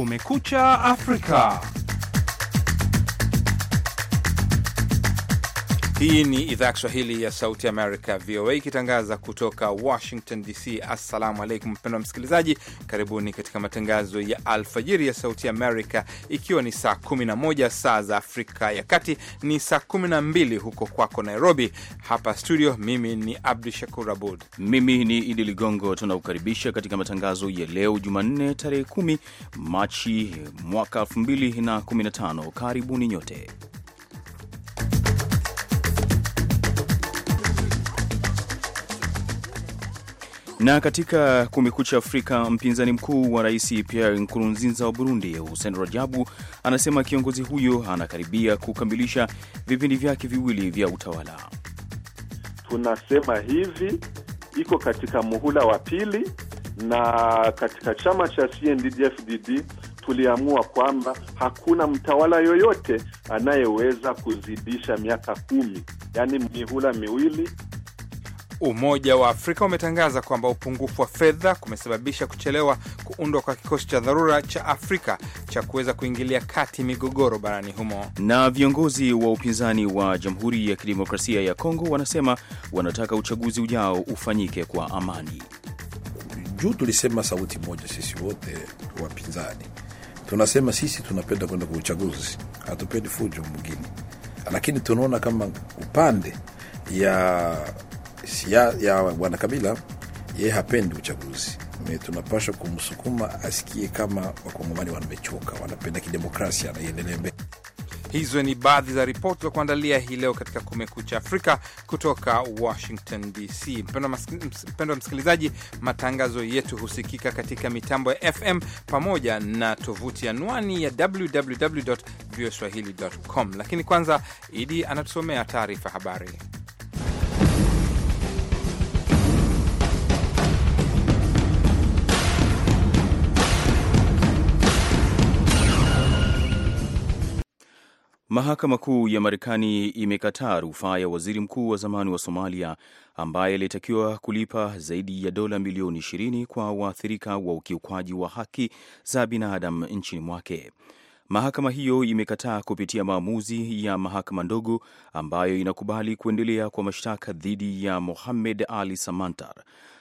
Kumekucha Afrika. Hii ni idhaa ya Kiswahili ya Sauti Amerika, VOA, ikitangaza kutoka Washington DC. Assalamu alaikum, mpendwa msikilizaji, karibuni katika matangazo ya alfajiri ya Sauti Amerika, ikiwa ni saa 11 saa za Afrika ya Kati, ni saa 12 huko kwako Nairobi. Hapa studio, mimi ni Abdu Shakur Abud, mimi ni Idi Ligongo. Tunakukaribisha katika matangazo ya leo Jumanne, tarehe 10 Machi mwaka 2015. Karibuni nyote Na katika Kumekucha Afrika, mpinzani mkuu wa rais Pierre Nkurunziza wa Burundi, Hussein Rajabu, anasema kiongozi huyo anakaribia kukamilisha vipindi vyake viwili vya utawala. Tunasema hivi, iko katika muhula wa pili, na katika chama cha CNDD-FDD tuliamua kwamba hakuna mtawala yoyote anayeweza kuzidisha miaka kumi, yaani mihula miwili. Umoja wa Afrika umetangaza kwamba upungufu wa fedha kumesababisha kuchelewa kuundwa kwa kikosi cha dharura cha Afrika cha kuweza kuingilia kati migogoro barani humo. Na viongozi wa upinzani wa Jamhuri ya Kidemokrasia ya Kongo wanasema wanataka uchaguzi ujao ufanyike kwa amani. Juu tulisema sauti moja, sisi wote wapinzani tunasema sisi tunapenda kwenda kwa uchaguzi, hatupendi fujo mwingine, lakini tunaona kama upande ya siya, ya bwana Kabila, yeye hapendi uchaguzi. tunapashwa kumsukuma asikie kama wakongomani wamechoka, wanapenda kidemokrasia na iendelee mbele. Hizo ni baadhi za ripoti za kuandalia hii leo katika Kumekucha Afrika kutoka Washington DC. Mpendwa msikilizaji, matangazo yetu husikika katika mitambo ya FM pamoja na tovuti anwani ya www voaswahili com, lakini kwanza Idi anatusomea taarifa habari. Mahakama Kuu ya Marekani imekataa rufaa ya waziri mkuu wa zamani wa Somalia ambaye alitakiwa kulipa zaidi ya dola milioni 20 kwa waathirika wa ukiukwaji wa haki za binadamu nchini mwake. Mahakama hiyo imekataa kupitia maamuzi ya mahakama ndogo ambayo inakubali kuendelea kwa mashtaka dhidi ya Mohamed Ali Samantar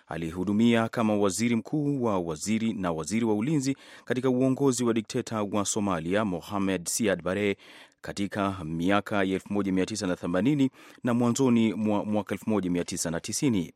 aliyehudumia kama waziri mkuu wa waziri na waziri wa ulinzi katika uongozi wa dikteta wa Somalia Mohamed Siad Barre katika miaka ya 1980 na mwanzoni mwa mwaka 1990.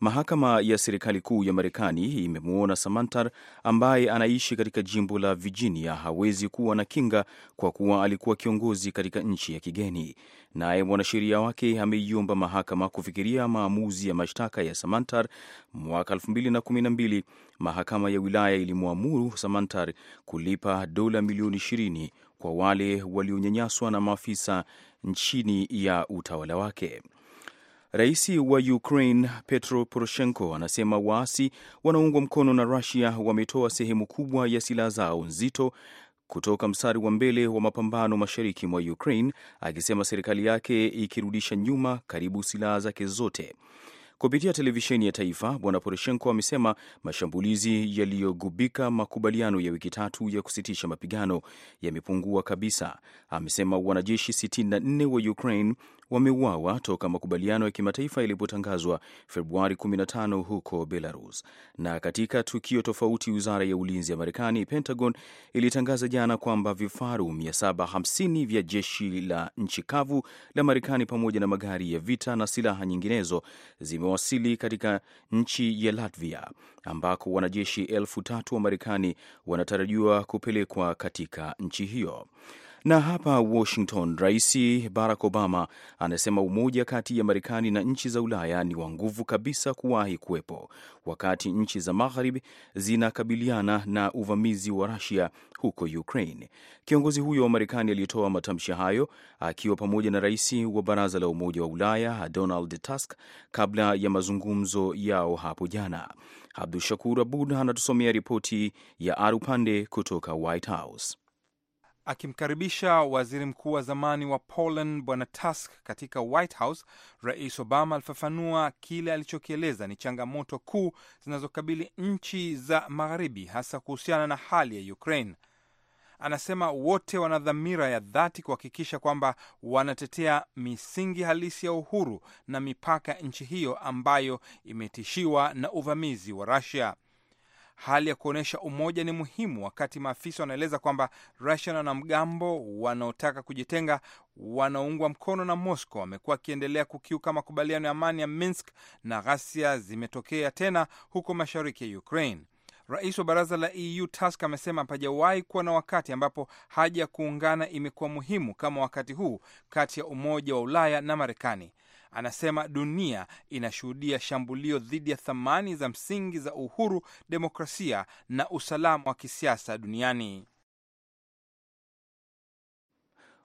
Mahakama ya serikali kuu ya Marekani imemwona Samantar ambaye anaishi katika jimbo la Virginia hawezi kuwa na kinga kwa kuwa alikuwa kiongozi katika nchi ya kigeni. Naye mwanasheria wake ameiomba mahakama kufikiria maamuzi ya mashtaka ya Samantar. Mwaka 2012 mahakama ya wilaya ilimwamuru Samantar kulipa dola milioni 20 kwa wale walionyanyaswa na maafisa chini ya utawala wake. Rais wa Ukraine Petro Poroshenko anasema waasi wanaungwa mkono na Rusia wametoa sehemu kubwa ya silaha zao nzito kutoka mstari wa mbele wa mapambano mashariki mwa Ukraine, akisema serikali yake ikirudisha nyuma karibu silaha zake zote. Kupitia televisheni ya taifa, Bwana Poroshenko amesema mashambulizi yaliyogubika makubaliano ya wiki tatu ya kusitisha mapigano yamepungua kabisa. Amesema wanajeshi 64 wa Ukraine wameuawa toka makubaliano ya kimataifa yalipotangazwa Februari 15 huko Belarus. Na katika tukio tofauti, wizara ya ulinzi ya Marekani, Pentagon, ilitangaza jana kwamba vifaru 750 vya jeshi la nchi kavu la Marekani pamoja na magari ya vita na silaha nyinginezo zimewasili katika nchi ya Latvia, ambako wanajeshi elfu tatu wa Marekani wanatarajiwa kupelekwa katika nchi hiyo. Na hapa Washington, Rais Barack Obama anasema umoja kati ya Marekani na nchi za Ulaya ni wa nguvu kabisa kuwahi kuwepo, wakati nchi za magharibi zinakabiliana na uvamizi wa Rusia huko Ukraine. Kiongozi huyo wa Marekani aliyetoa matamshi hayo akiwa pamoja na rais wa baraza la Umoja wa Ulaya Donald Tusk kabla ya mazungumzo yao hapo jana. Abdu Shakur Abud anatusomea ripoti ya Arupande kutoka White House. Akimkaribisha waziri mkuu wa zamani wa Poland bwana Tusk katika White House, Rais Obama alifafanua kile alichokieleza ni changamoto kuu zinazokabili nchi za Magharibi, hasa kuhusiana na hali ya Ukraine. Anasema wote wana dhamira ya dhati kuhakikisha kwamba wanatetea misingi halisi ya uhuru na mipaka ya nchi hiyo ambayo imetishiwa na uvamizi wa Rusia. Hali ya kuonyesha umoja ni muhimu, wakati maafisa wanaeleza kwamba Rusia na wanamgambo wanaotaka kujitenga wanaoungwa mkono na Moscow wamekuwa wakiendelea kukiuka makubaliano ya amani ya Minsk na ghasia zimetokea tena huko mashariki ya Ukraine. Rais wa baraza la EU Tusk amesema hapajawahi kuwa na wakati ambapo haja ya kuungana imekuwa muhimu kama wakati huu kati ya umoja wa Ulaya na Marekani. Anasema dunia inashuhudia shambulio dhidi ya thamani za msingi za uhuru, demokrasia na usalama wa kisiasa duniani.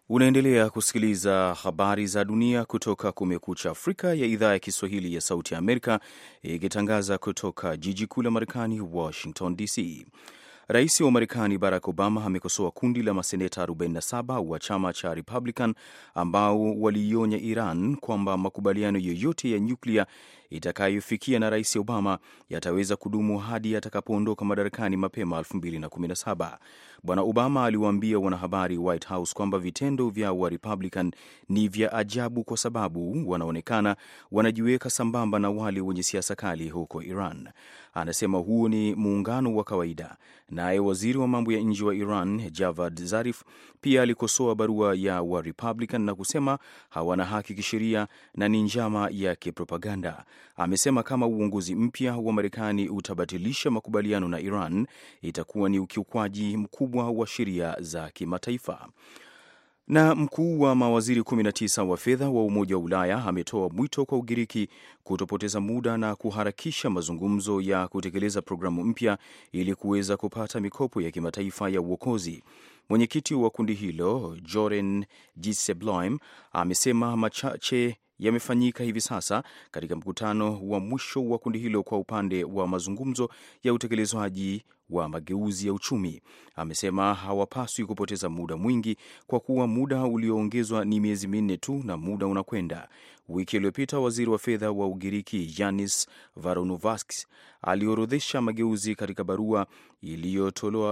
Unaendelea kusikiliza habari za dunia kutoka Kumekucha Afrika ya idhaa ya Kiswahili ya Sauti ya Amerika, ikitangaza kutoka jiji kuu la Marekani, Washington DC. Rais wa Marekani Barack Obama amekosoa kundi la maseneta 47 wa chama cha Republican ambao waliionya Iran kwamba makubaliano yoyote ya nyuklia itakayofikia na Rais Obama yataweza kudumu hadi atakapoondoka madarakani mapema 2017. Bwana Obama aliwaambia wanahabari White House kwamba vitendo vya Warepublican ni vya ajabu kwa sababu wanaonekana wanajiweka sambamba na wale wenye siasa kali huko Iran. Anasema huo ni muungano wa kawaida. Naye waziri wa mambo ya nje wa Iran Javad Zarif pia alikosoa barua ya Warepublican na kusema hawana haki kisheria na ni njama ya kipropaganda amesema kama uongozi mpya wa Marekani utabatilisha makubaliano na Iran itakuwa ni ukiukwaji mkubwa wa sheria za kimataifa. Na mkuu wa mawaziri 19 wa fedha wa Umoja wa Ulaya ametoa mwito kwa Ugiriki kutopoteza muda na kuharakisha mazungumzo ya kutekeleza programu mpya ili kuweza kupata mikopo ya kimataifa ya uokozi. Mwenyekiti wa kundi hilo Joren Dijsselbloem amesema machache yamefanyika hivi sasa katika mkutano wa mwisho wa kundi hilo kwa upande wa mazungumzo ya utekelezwaji wa mageuzi ya uchumi. Amesema hawapaswi kupoteza muda mwingi kwa kuwa muda ulioongezwa ni miezi minne tu na muda unakwenda. Wiki iliyopita waziri wa fedha wa Ugiriki Yanis Varoufakis aliorodhesha mageuzi katika barua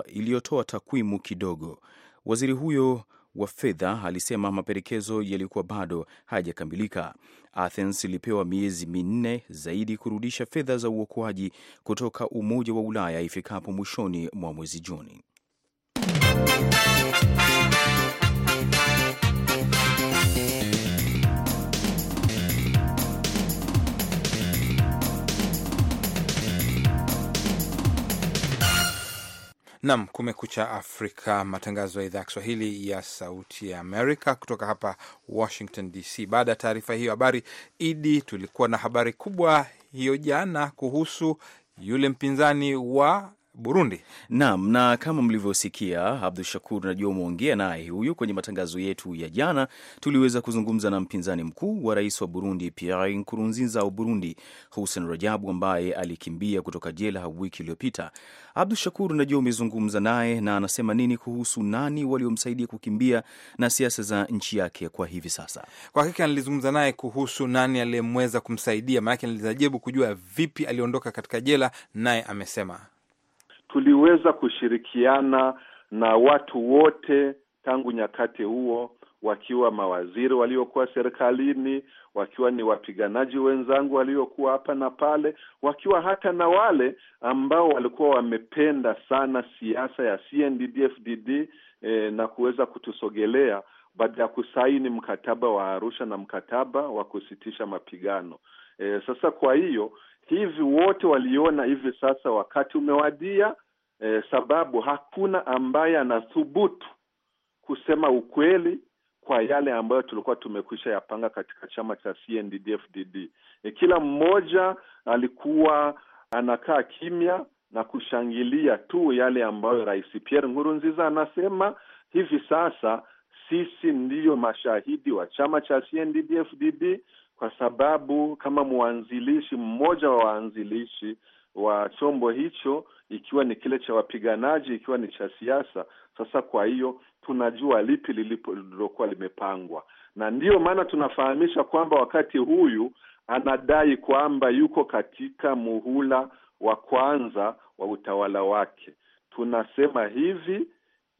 iliyotoa takwimu kidogo. Waziri huyo wa fedha alisema mapendekezo yalikuwa bado hayajakamilika. Athens ilipewa miezi minne zaidi kurudisha fedha za uokoaji kutoka Umoja wa Ulaya ifikapo mwishoni mwa mwezi Juni. Nam Kumekucha Afrika, matangazo ya idhaa ya Kiswahili ya Sauti ya Amerika kutoka hapa Washington DC. Baada ya taarifa hiyo habari Idi, tulikuwa na habari kubwa hiyo jana kuhusu yule mpinzani wa Burundi. Naam, na kama mlivyosikia Abdu Shakur, najua umeongea naye huyu kwenye matangazo yetu ya jana. Tuliweza kuzungumza na mpinzani mkuu wa rais wa Burundi Pierre Nkurunziza wa Burundi, Hussein Rajabu, ambaye alikimbia kutoka jela wiki iliyopita. Abdu Shakur, najua umezungumza naye na anasema nini kuhusu nani waliomsaidia kukimbia na siasa za nchi yake kwa hivi sasa? Kwa hakika nilizungumza naye kuhusu nani aliyemweza kumsaidia, maanake nilizajibu kujua vipi aliondoka katika jela, naye amesema tuliweza kushirikiana na watu wote tangu nyakati huo, wakiwa mawaziri waliokuwa serikalini, wakiwa ni wapiganaji wenzangu waliokuwa hapa na pale, wakiwa hata na wale ambao walikuwa wamependa sana siasa ya CNDD-FDD eh, na kuweza kutusogelea baada ya kusaini mkataba wa Arusha na mkataba wa kusitisha mapigano. E, sasa kwa hiyo hivi wote waliona hivi sasa wakati umewadia, e, sababu hakuna ambaye anathubutu kusema ukweli kwa yale ambayo tulikuwa tumekwisha yapanga katika chama cha CNDD-FDD. E, kila mmoja alikuwa anakaa kimya na kushangilia tu yale ambayo Rais Pierre Nkurunziza anasema hivi sasa sisi ndiyo mashahidi wa chama cha CNDD-FDD kwa sababu kama mwanzilishi mmoja wa waanzilishi wa chombo hicho, ikiwa ni kile cha wapiganaji, ikiwa ni cha siasa. Sasa kwa hiyo tunajua lipi lililokuwa limepangwa, na ndiyo maana tunafahamisha kwamba wakati huyu anadai kwamba yuko katika muhula wa kwanza wa utawala wake, tunasema hivi,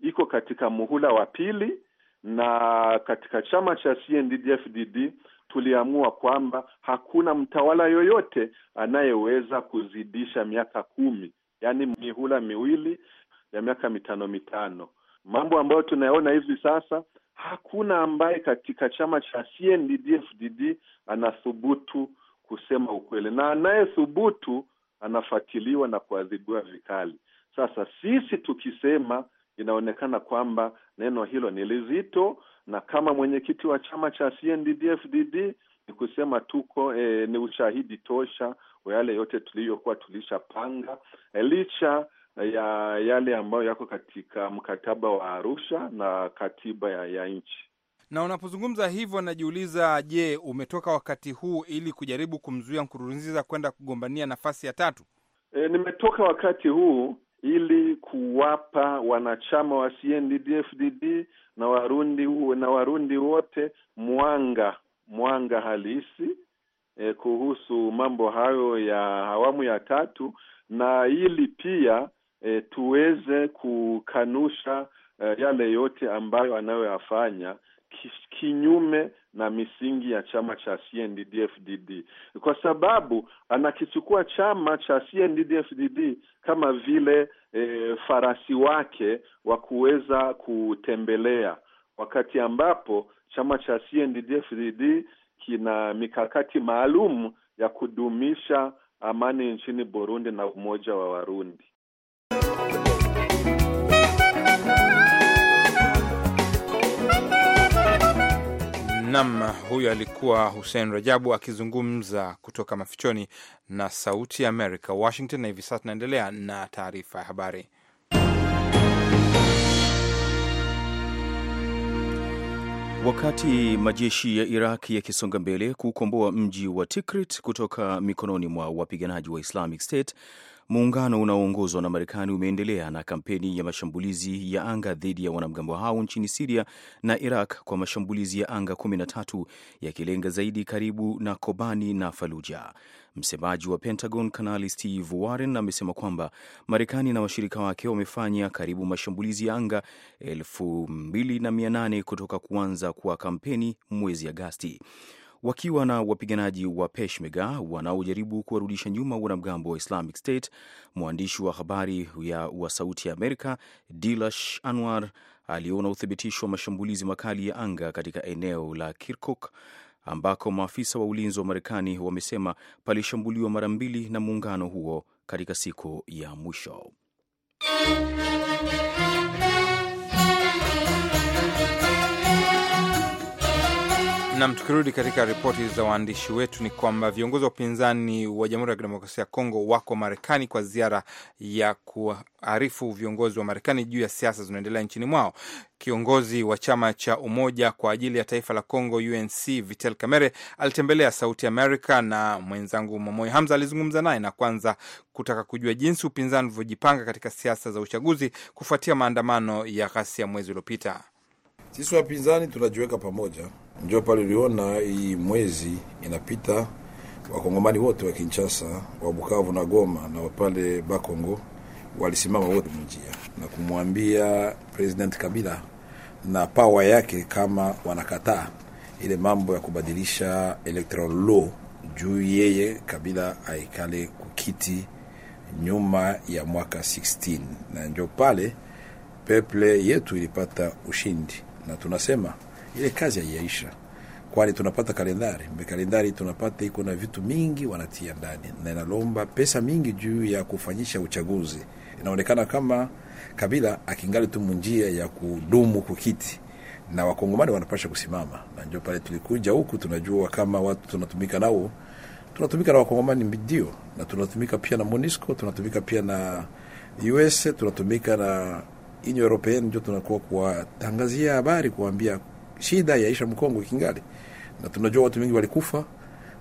iko katika muhula wa pili na katika chama cha CNDD-FDD tuliamua kwamba hakuna mtawala yoyote anayeweza kuzidisha miaka kumi, yaani mihula miwili ya miaka mitano mitano. Mambo ambayo tunayaona hivi sasa, hakuna ambaye katika chama cha CNDD-FDD anathubutu kusema ukweli, na anayethubutu anafuatiliwa na kuadhibiwa vikali. Sasa sisi tukisema inaonekana kwamba neno hilo ni lizito, na kama mwenyekiti wa chama cha CNDD-FDD ni kusema tuko e, ni ushahidi tosha wa yale yote tuliyokuwa tulishapanga e, licha ya yale ambayo yako katika mkataba wa Arusha na katiba ya, ya nchi. Na unapozungumza hivyo, najiuliza, je, umetoka wakati huu ili kujaribu kumzuia Nkurunziza kwenda kugombania nafasi ya tatu? E, nimetoka wakati huu ili kuwapa wanachama wa CNDD-FDD na Warundi na Warundi wote mwanga mwanga halisi eh, kuhusu mambo hayo ya awamu ya tatu na ili pia eh, tuweze kukanusha eh, yale yote ambayo anayoyafanya kinyume na misingi ya chama cha CNDD-FDD kwa sababu anakichukua chama cha CNDD-FDD kama vile e, farasi wake wa kuweza kutembelea, wakati ambapo chama cha CNDD-FDD kina mikakati maalum ya kudumisha amani nchini Burundi na umoja wa Warundi. Nam, huyo alikuwa Hussein Rajabu akizungumza kutoka mafichoni na Sauti ya Amerika, Washington. Na hivi sasa tunaendelea na taarifa ya habari. Wakati majeshi ya Iraq yakisonga mbele kukomboa mji wa Tikrit kutoka mikononi mwa wapiganaji wa Islamic State, Muungano unaoongozwa na Marekani umeendelea na kampeni ya mashambulizi ya anga dhidi ya wanamgambo hao nchini Siria na Iraq kwa mashambulizi ya anga 13 yakilenga zaidi karibu na Kobani na Faluja. Msemaji wa Pentagon Kanali Steve Warren amesema kwamba Marekani na washirika wake wamefanya karibu mashambulizi ya anga 2800 kutoka kuanza kwa kampeni mwezi Agasti wakiwa na wapiganaji wa Peshmerga wanaojaribu kuwarudisha nyuma wanamgambo wa Islamic State. Mwandishi wa habari ya wa Sauti ya Amerika Dilash Anwar aliona uthibitisho wa mashambulizi makali ya anga katika eneo la Kirkuk ambako maafisa wa ulinzi wa Marekani wamesema palishambuliwa mara mbili na muungano huo katika siku ya mwisho. Nam, tukirudi katika ripoti za waandishi wetu ni kwamba viongozi wa upinzani wa Jamhuri ya Kidemokrasia ya Kongo wako Marekani kwa ziara ya kuarifu viongozi wa Marekani juu ya siasa zinaendelea nchini mwao. Kiongozi wa chama cha Umoja kwa ajili ya Taifa la Kongo, UNC, Vital Kamerhe alitembelea Sauti America na mwenzangu Mamoyo Hamza alizungumza naye na kwanza kutaka kujua jinsi upinzani ulivyojipanga katika siasa za uchaguzi kufuatia maandamano ya ghasia mwezi uliopita. Sisi wapinzani tunajiweka pamoja njo pale uliona hii mwezi inapita wakongomani wote wa Kinshasa, wa Bukavu na Goma na wapale Bakongo walisimama wote mjia na kumwambia President Kabila na pawa yake kama wanakataa ile mambo ya kubadilisha electoral law juu yeye Kabila aikale kukiti nyuma ya mwaka 16 na njo pale peple yetu ilipata ushindi, na tunasema ile kazi haiyaisha, kwani tunapata kalendari mbe kalendari tunapata iko na vitu mingi wanatia ndani na inalomba pesa mingi juu ya kufanyisha uchaguzi. Inaonekana kama Kabila akingali tu munjia ya kudumu kukiti na wakongomani wanapasha kusimama, na ndio pale tulikuja huku, tunajua kama watu tunatumika nao, tunatumika na wakongomani ndio, na tunatumika pia na Monisco, tunatumika pia na US, tunatumika na Union European, ndio tunakuwa kuwatangazia habari kuambia shida yaisha mkongo kingali, na tunajua watu wengi walikufa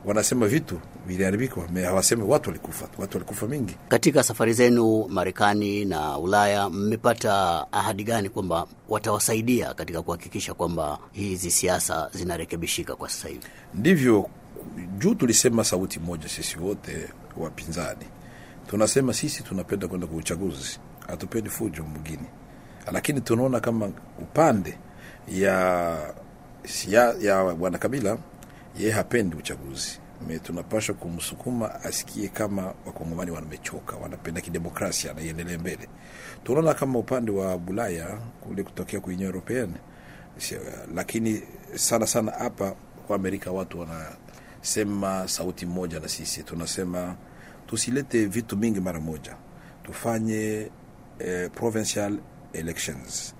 wanasema vitu viliharibika, hawasemi watu walikufa. Watu walikufa mingi. Katika safari zenu Marekani na Ulaya, mmepata ahadi gani kwamba watawasaidia katika kuhakikisha kwamba hizi siasa zinarekebishika kwa sasa hivi? Ndivyo juu tulisema sauti moja, sisi wote wapinzani tunasema sisi tunapenda kwenda kwa uchaguzi, hatupendi fujo mgini, lakini tunaona kama upande ya, ya, ya bwana Kabila, yeye hapendi uchaguzi me tunapasha kumsukuma asikie kama wakongomani wamechoka, wanapenda kidemokrasia na iendelee mbele. Tunaona kama upande wa Bulaya kule kutokea kwenye European, lakini sana sana hapa kwa Amerika watu wanasema sauti moja, na sisi tunasema tusilete vitu mingi mara moja, tufanye eh, provincial elections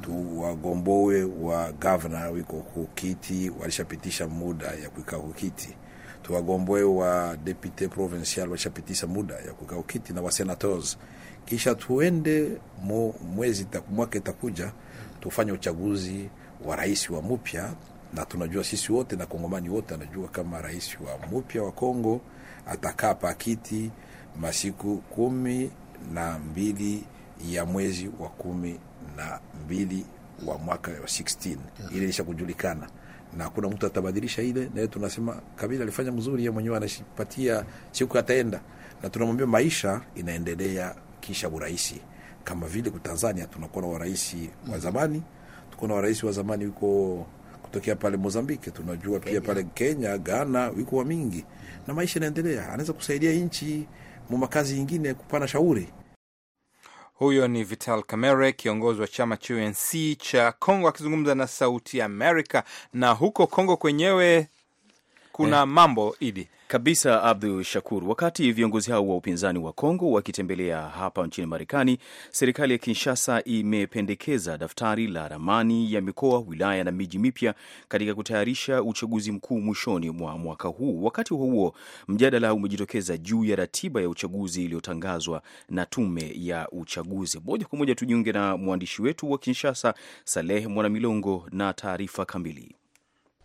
tuwagomboe wa gavana wiko kukiti, walishapitisha muda ya kuikaa kukiti. Tuwagomboe wa depute provincial, walishapitisha muda ya kuikaa kukiti, na wasenators. Kisha tuende mo, mwezi mwaka itakuja tufanye uchaguzi wa rais wa mupya, na tunajua sisi wote na kongomani wote anajua kama rais wa mupya wa Kongo atakaa pakiti masiku kumi na mbili ya mwezi wa kumi na mbili wa mwaka wa 16 ile isha kujulikana na hakuna mtu atabadilisha ile. Na tunasema Kabila alifanya mzuri, yeye mwenyewe anashipatia siku ataenda, na tunamwambia maisha inaendelea kisha uraisi, kama vile kwa Tanzania tunakuwa na rais wa mm. zamani, tuko na rais wa zamani yuko kutokea pale Mozambique, tunajua pia pale Kenya, Ghana yuko wa mingi, na maisha inaendelea, anaweza kusaidia nchi mu makazi nyingine kupana shauri huyo ni Vital Kamerhe, kiongozi wa chama cha UNC cha Kongo, akizungumza na Sauti Amerika. Na huko Kongo kwenyewe kuna eh, mambo idi kabisa Abdu Shakur. Wakati viongozi hao wa upinzani wa Kongo wakitembelea hapa nchini Marekani, serikali ya Kinshasa imependekeza daftari la ramani ya mikoa, wilaya na miji mipya katika kutayarisha uchaguzi mkuu mwishoni mwa mwaka huu. Wakati huo huo, mjadala umejitokeza juu ya ratiba ya uchaguzi iliyotangazwa na tume ya uchaguzi. Moja kwa moja tujiunge na mwandishi wetu wa Kinshasa, Saleh Mwanamilongo, na taarifa kamili.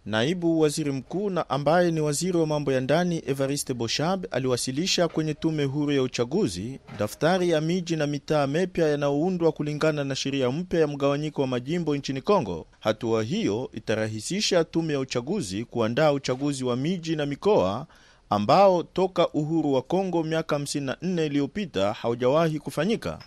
Naibu waziri mkuu na ambaye ni waziri wa mambo ya ndani Evariste Boshab aliwasilisha kwenye tume huru ya uchaguzi daftari ya miji na mitaa mepya yanayoundwa kulingana na sheria mpya ya mgawanyiko wa majimbo nchini Kongo. Hatua hiyo itarahisisha tume ya uchaguzi kuandaa uchaguzi wa miji na mikoa ambao toka uhuru wa Kongo miaka 54 iliyopita haujawahi kufanyika.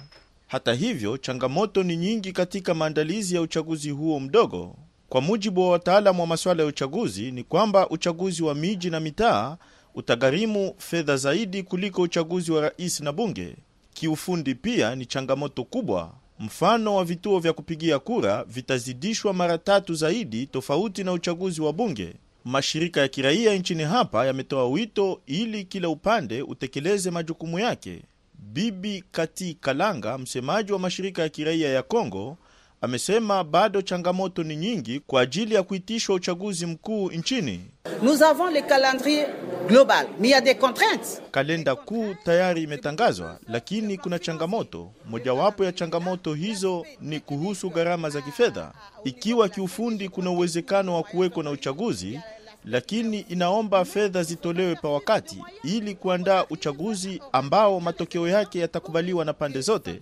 Hata hivyo, changamoto ni nyingi katika maandalizi ya uchaguzi huo mdogo. Kwa mujibu wa wataalamu wa masuala ya uchaguzi ni kwamba uchaguzi wa miji na mitaa utagharimu fedha zaidi kuliko uchaguzi wa rais na bunge. Kiufundi pia ni changamoto kubwa. Mfano wa vituo vya kupigia kura vitazidishwa mara tatu zaidi tofauti na uchaguzi wa bunge. Mashirika ya kiraia nchini hapa yametoa wito ili kila upande utekeleze majukumu yake. Bibi Kati Kalanga, msemaji wa mashirika ya kiraia ya Kongo, amesema bado changamoto ni nyingi kwa ajili ya kuitishwa uchaguzi mkuu nchini. Nous avons le calendrier global, mais y a des contraintes. Kalenda kuu tayari imetangazwa, lakini kuna changamoto. Mojawapo ya changamoto hizo ni kuhusu gharama za kifedha. Ikiwa kiufundi kuna uwezekano wa kuwekwa na uchaguzi lakini inaomba fedha zitolewe kwa wakati ili kuandaa uchaguzi ambao matokeo yake yatakubaliwa na pande zote.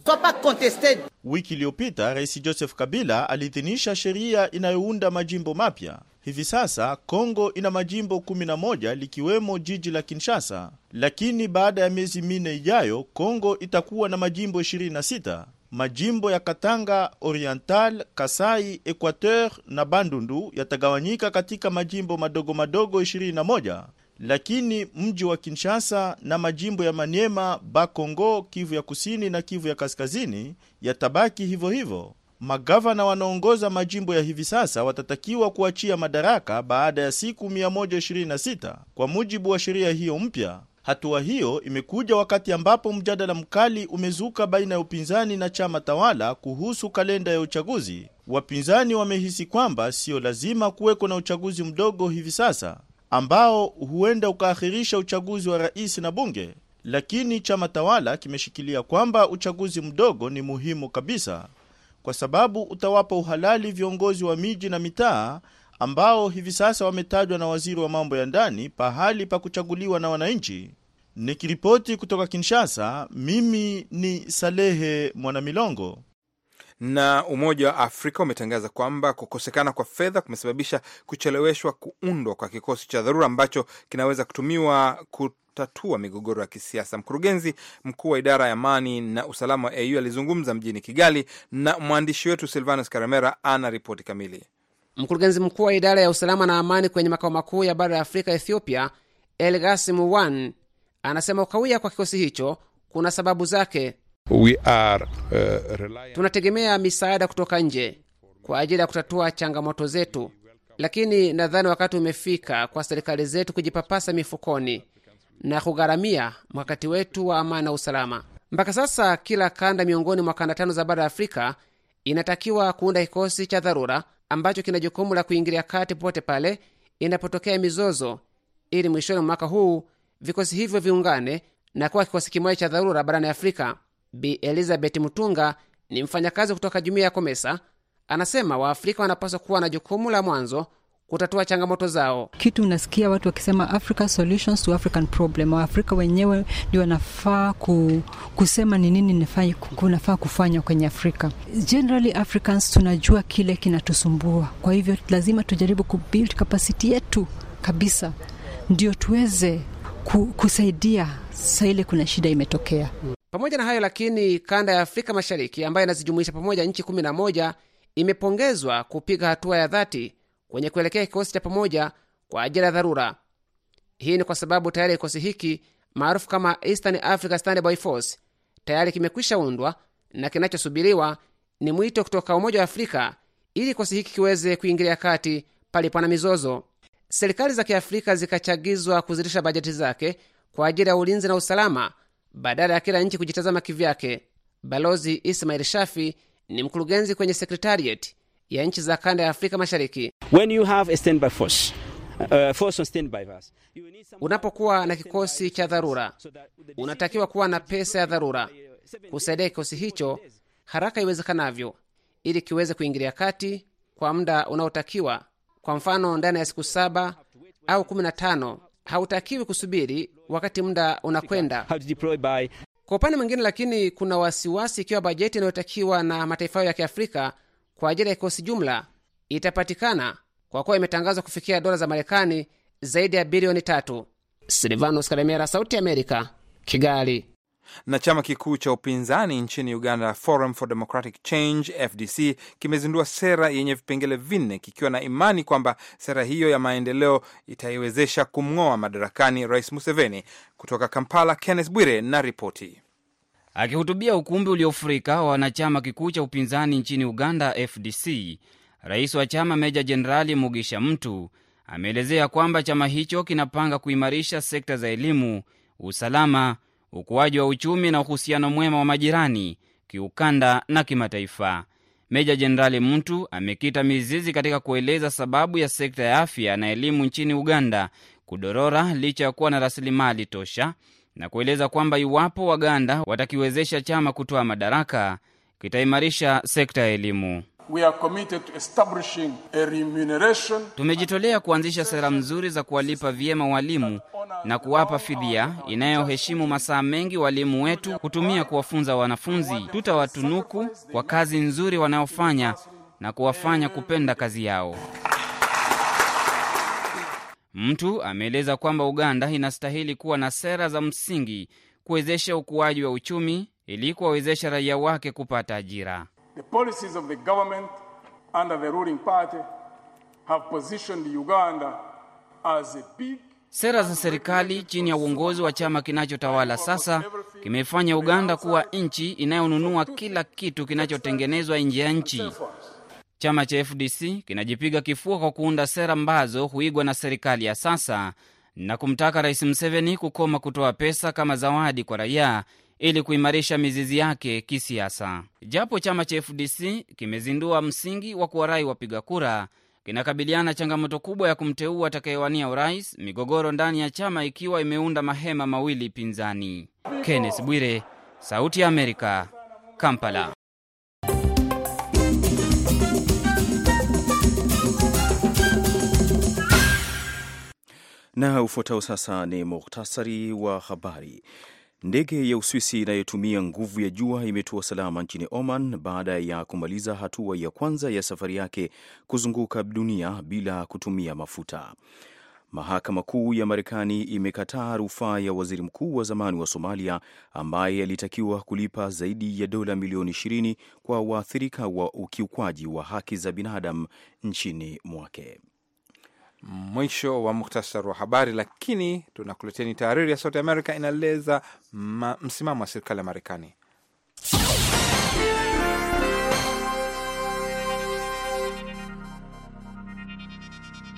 Wiki iliyopita Rais Joseph Kabila aliidhinisha sheria inayounda majimbo mapya. Hivi sasa Kongo ina majimbo 11 likiwemo jiji la Kinshasa, lakini baada ya miezi minne ijayo Kongo itakuwa na majimbo 26 majimbo ya Katanga Oriental, Kasai, Equateur na Bandundu yatagawanyika katika majimbo madogo madogo 21 lakini mji wa Kinshasa na majimbo ya Maniema, Bakongo, Kivu ya Kusini na Kivu ya Kaskazini yatabaki hivyo hivyo. Magavana wanaongoza majimbo ya hivi sasa watatakiwa kuachia madaraka baada ya siku 126 kwa mujibu wa sheria hiyo mpya. Hatua hiyo imekuja wakati ambapo mjadala mkali umezuka baina ya upinzani na chama tawala kuhusu kalenda ya uchaguzi. Wapinzani wamehisi kwamba sio lazima kuweko na uchaguzi mdogo hivi sasa ambao huenda ukaahirisha uchaguzi wa rais na bunge, lakini chama tawala kimeshikilia kwamba uchaguzi mdogo ni muhimu kabisa kwa sababu utawapa uhalali viongozi wa miji na mitaa ambao hivi sasa wametajwa na waziri wa mambo ya ndani pahali pa kuchaguliwa na wananchi. Nikiripoti kutoka Kinshasa, mimi ni Salehe Mwanamilongo. Na Umoja wa Afrika umetangaza kwamba kukosekana kwa fedha kumesababisha kucheleweshwa kuundwa kwa kikosi cha dharura ambacho kinaweza kutumiwa kutatua migogoro ya kisiasa. Mkurugenzi mkuu wa idara ya amani na usalama wa AU alizungumza mjini Kigali, na mwandishi wetu Silvanus Karemera ana ripoti kamili. Mkurugenzi mkuu wa idara ya usalama na amani kwenye makao makuu ya bara ya Afrika, Ethiopia, El Anasema ukawia kwa kikosi hicho kuna sababu zake. We are, uh, tunategemea misaada kutoka nje kwa ajili ya kutatua changamoto zetu, lakini nadhani wakati umefika kwa serikali zetu kujipapasa mifukoni na kugharamia mkakati wetu wa amani na usalama. Mpaka sasa kila kanda miongoni mwa kanda tano za bara la Afrika inatakiwa kuunda kikosi cha dharura ambacho kina jukumu la kuingilia kati popote pale inapotokea mizozo, ili mwishoni mwa mwaka huu vikosi hivyo viungane na kuwa kikosi kimoja cha dharura barani Afrika. Bi Elizabeth Mutunga ni mfanyakazi kutoka jumuiya ya COMESA. Anasema Waafrika wanapaswa kuwa na jukumu la mwanzo kutatua changamoto zao. Kitu unasikia watu wakisema Africa solutions to African problem. Waafrika wenyewe ndio wanafaa ku, kusema ni nini kunafaa kufanywa kwenye Afrika. Generally Africans tunajua kile kinatusumbua, kwa hivyo lazima tujaribu kubuild kapasiti yetu kabisa ndio tuweze kusaidia saa ile kuna shida imetokea. Pamoja na hayo lakini, kanda ya Afrika Mashariki ambayo inazijumuisha pamoja nchi kumi na moja imepongezwa kupiga hatua ya dhati kwenye kuelekea kikosi cha pamoja kwa ajili ya dharura. Hii ni kwa sababu tayari kikosi hiki maarufu kama Eastern Africa Standby Force tayari kimekwisha undwa na kinachosubiriwa ni mwito kutoka Umoja wa Afrika ili kikosi hiki kiweze kuingilia kati palipo na mizozo serikali za Kiafrika zikachagizwa kuzidisha bajeti zake kwa ajili ya ulinzi na usalama badala ya kila nchi kujitazama kivyake. Balozi Ismail Shafi ni mkurugenzi kwenye sekretariat ya nchi za kanda ya Afrika Mashariki. When you have a standby force, uh, force on standby force. Unapokuwa na kikosi cha dharura, unatakiwa kuwa na pesa ya dharura kusaidia kikosi hicho haraka iwezekanavyo, ili kiweze kuingilia kati kwa muda unaotakiwa kwa mfano, ndani ya siku saba au kumi na tano hautakiwi kusubiri wakati muda unakwenda. Kwa upande mwingine, lakini kuna wasiwasi ikiwa bajeti inayotakiwa na mataifa hayo ya kiafrika kwa ajili ya kikosi jumla itapatikana kwa kuwa imetangazwa kufikia dola za Marekani zaidi ya bilioni tatu. Silvanos Karemera, Sauti ya Amerika, Kigali. Na chama kikuu cha upinzani nchini Uganda, Forum for Democratic Change, FDC, kimezindua sera yenye vipengele vinne kikiwa na imani kwamba sera hiyo ya maendeleo itaiwezesha kumng'oa madarakani Rais Museveni. Kutoka Kampala, Kenneth Bwire na ripoti. Akihutubia ukumbi uliofurika wa wanachama kikuu cha upinzani nchini Uganda, FDC, rais wa chama Meja Jenerali Mugisha Mtu ameelezea kwamba chama hicho kinapanga kuimarisha sekta za elimu, usalama ukuaji wa uchumi na uhusiano mwema wa majirani kiukanda na kimataifa. Meja Jenerali Mtu amekita mizizi katika kueleza sababu ya sekta ya afya na elimu nchini Uganda kudorora licha ya kuwa na rasilimali tosha, na kueleza kwamba iwapo Waganda watakiwezesha chama kutoa madaraka kitaimarisha sekta ya elimu. We are committed to establishing a remuneration. Tumejitolea kuanzisha sera nzuri za kuwalipa vyema walimu na kuwapa fidia inayoheshimu masaa mengi walimu wetu hutumia kuwafunza wanafunzi. Tutawatunuku kwa kazi nzuri wanayofanya na kuwafanya kupenda kazi yao. Mtu ameeleza kwamba Uganda inastahili kuwa na sera za msingi kuwezesha ukuaji wa uchumi ili kuwawezesha raia wake kupata ajira. The policies of the government under the ruling party have positioned Uganda as a big Sera za serikali chini ya uongozi wa chama kinachotawala sasa kimefanya Uganda kuwa nchi inayonunua kila kitu kinachotengenezwa nje ya nchi. Chama cha FDC kinajipiga kifua kwa kuunda sera ambazo huigwa na serikali ya sasa na kumtaka Rais Museveni kukoma kutoa pesa kama zawadi kwa raia ili kuimarisha mizizi yake kisiasa. Japo chama cha FDC kimezindua msingi wa kuwarai wapiga kura, kinakabiliana changamoto kubwa ya kumteua atakayewania urais, migogoro ndani ya chama ikiwa imeunda mahema mawili pinzani. Kenneth Bwire, Sauti ya Amerika, Kampala. Na ufuatao sasa ni muhtasari wa habari. Ndege ya Uswisi inayotumia nguvu ya jua imetua salama nchini Oman baada ya kumaliza hatua ya kwanza ya safari yake kuzunguka dunia bila kutumia mafuta. Mahakama Kuu ya Marekani imekataa rufaa ya waziri mkuu wa zamani wa Somalia ambaye alitakiwa kulipa zaidi ya dola milioni 20 kwa waathirika wa ukiukwaji wa haki za binadamu nchini mwake. Mwisho wa muktasar wa habari, lakini tunakuleteni tahariri ya Sauti Amerika inaeleza msimamo wa serikali ya Marekani.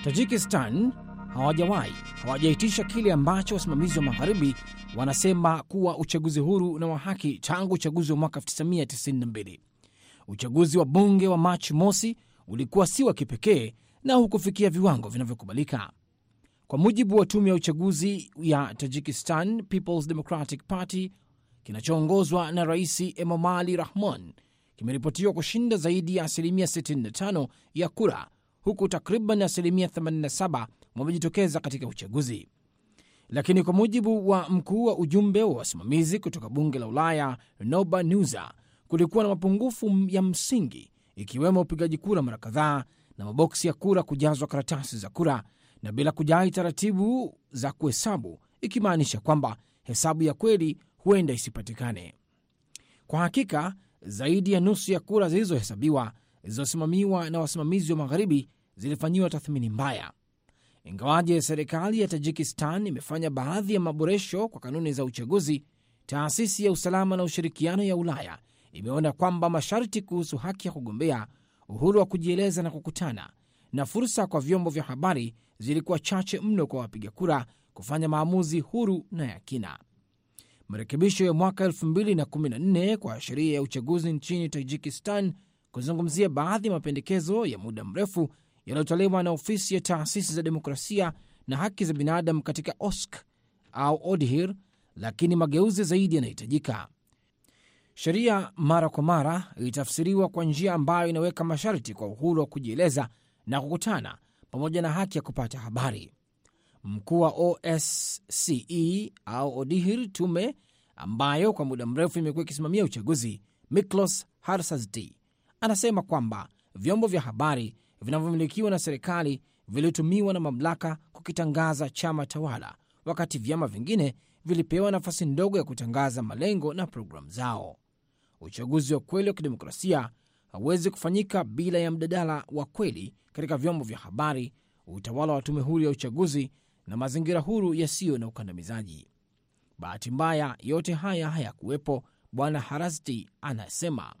Tajikistan hawajawahi hawajaitisha kile ambacho wasimamizi wa magharibi wanasema kuwa uchaguzi huru na wa haki tangu uchaguzi wa mwaka 1992. Uchaguzi wa bunge wa Machi mosi ulikuwa si wa kipekee na hukufikia viwango vinavyokubalika. Kwa mujibu wa tume ya uchaguzi ya Tajikistan Peoples Democratic Party kinachoongozwa na Rais Emomali Rahman kimeripotiwa kushinda zaidi ya asilimia 65 ya kura, huku takriban asilimia 87 wamejitokeza katika uchaguzi. Lakini kwa mujibu wa mkuu wa ujumbe wa wasimamizi kutoka bunge la Ulaya Noba nusa kulikuwa na mapungufu ya msingi, ikiwemo upigaji kura mara kadhaa na maboksi ya kura kujazwa karatasi za kura na bila kujali taratibu za kuhesabu, ikimaanisha kwamba hesabu ya kweli huenda isipatikane. Kwa hakika, zaidi ya nusu ya kura zilizohesabiwa zilizosimamiwa na wasimamizi wa magharibi zilifanyiwa tathmini mbaya. Ingawaje serikali ya Tajikistan imefanya baadhi ya maboresho kwa kanuni za uchaguzi, taasisi ya usalama na ushirikiano ya Ulaya imeona kwamba masharti kuhusu haki ya kugombea uhuru wa kujieleza na kukutana, na fursa kwa vyombo vya habari zilikuwa chache mno kwa wapiga kura kufanya maamuzi huru na ya kina. Marekebisho ya mwaka 2014 kwa sheria ya uchaguzi nchini Tajikistan kuzungumzia baadhi ya mapendekezo ya muda mrefu yaliyotolewa na ofisi ya taasisi za demokrasia na haki za binadamu katika OSK au ODIHR, lakini mageuzi zaidi yanahitajika. Sheria mara kwa mara ilitafsiriwa kwa njia ambayo inaweka masharti kwa uhuru wa kujieleza na kukutana pamoja na haki ya kupata habari. Mkuu wa OSCE au ODIHR, tume ambayo kwa muda mrefu imekuwa ikisimamia uchaguzi, Miklos harsasd anasema kwamba vyombo vya habari vinavyomilikiwa na serikali vilitumiwa na mamlaka kukitangaza chama tawala, wakati vyama vingine vilipewa nafasi ndogo ya kutangaza malengo na programu zao uchaguzi wa kweli wa kidemokrasia hauwezi kufanyika bila ya mdadala wa kweli katika vyombo vya habari, utawala wa tume huru ya uchaguzi na mazingira huru yasiyo na ukandamizaji. Bahati mbaya, yote haya hayakuwepo, Bwana Harasti anasema.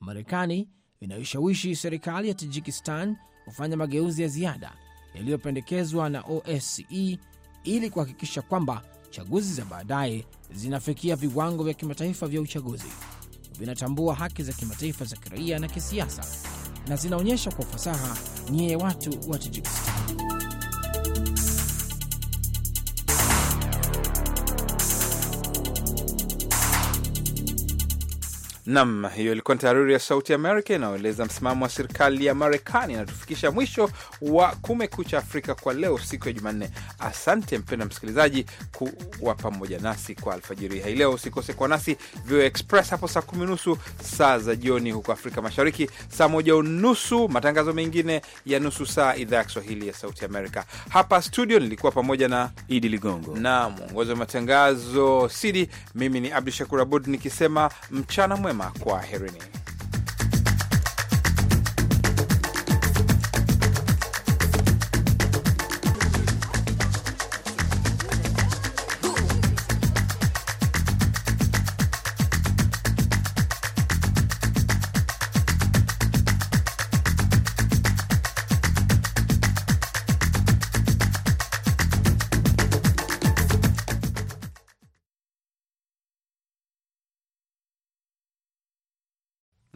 Marekani inayoshawishi serikali ya Tajikistan kufanya mageuzi ya ziada yaliyopendekezwa na OSCE ili kuhakikisha kwamba chaguzi za baadaye zinafikia viwango vya kimataifa vya uchaguzi vinatambua haki za kimataifa za kiraia na kisiasa na zinaonyesha kwa ufasaha nia ya watu wa Tajikistan. Nam, hiyo ilikuwa ni tahariri ya Sauti Amerika inayoeleza msimamo wa serikali ya Marekani. Inatufikisha mwisho wa Kumekucha Afrika kwa leo, siku ya Jumanne. Asante mpenda msikilizaji kuwa pamoja nasi kwa alfajiri hii leo. Usikose kwa nasi VOA Express hapo saa kumi nusu saa za jioni huko Afrika Mashariki, saa moja unusu matangazo mengine ya nusu saa, idhaa ya Kiswahili ya Sauti Amerika. Hapa studio nilikuwa pamoja na Idi Ligongo na mwongozi wa matangazo Sidi. Mimi ni Abdu Shakur Abud nikisema mchana mwema kwa herini.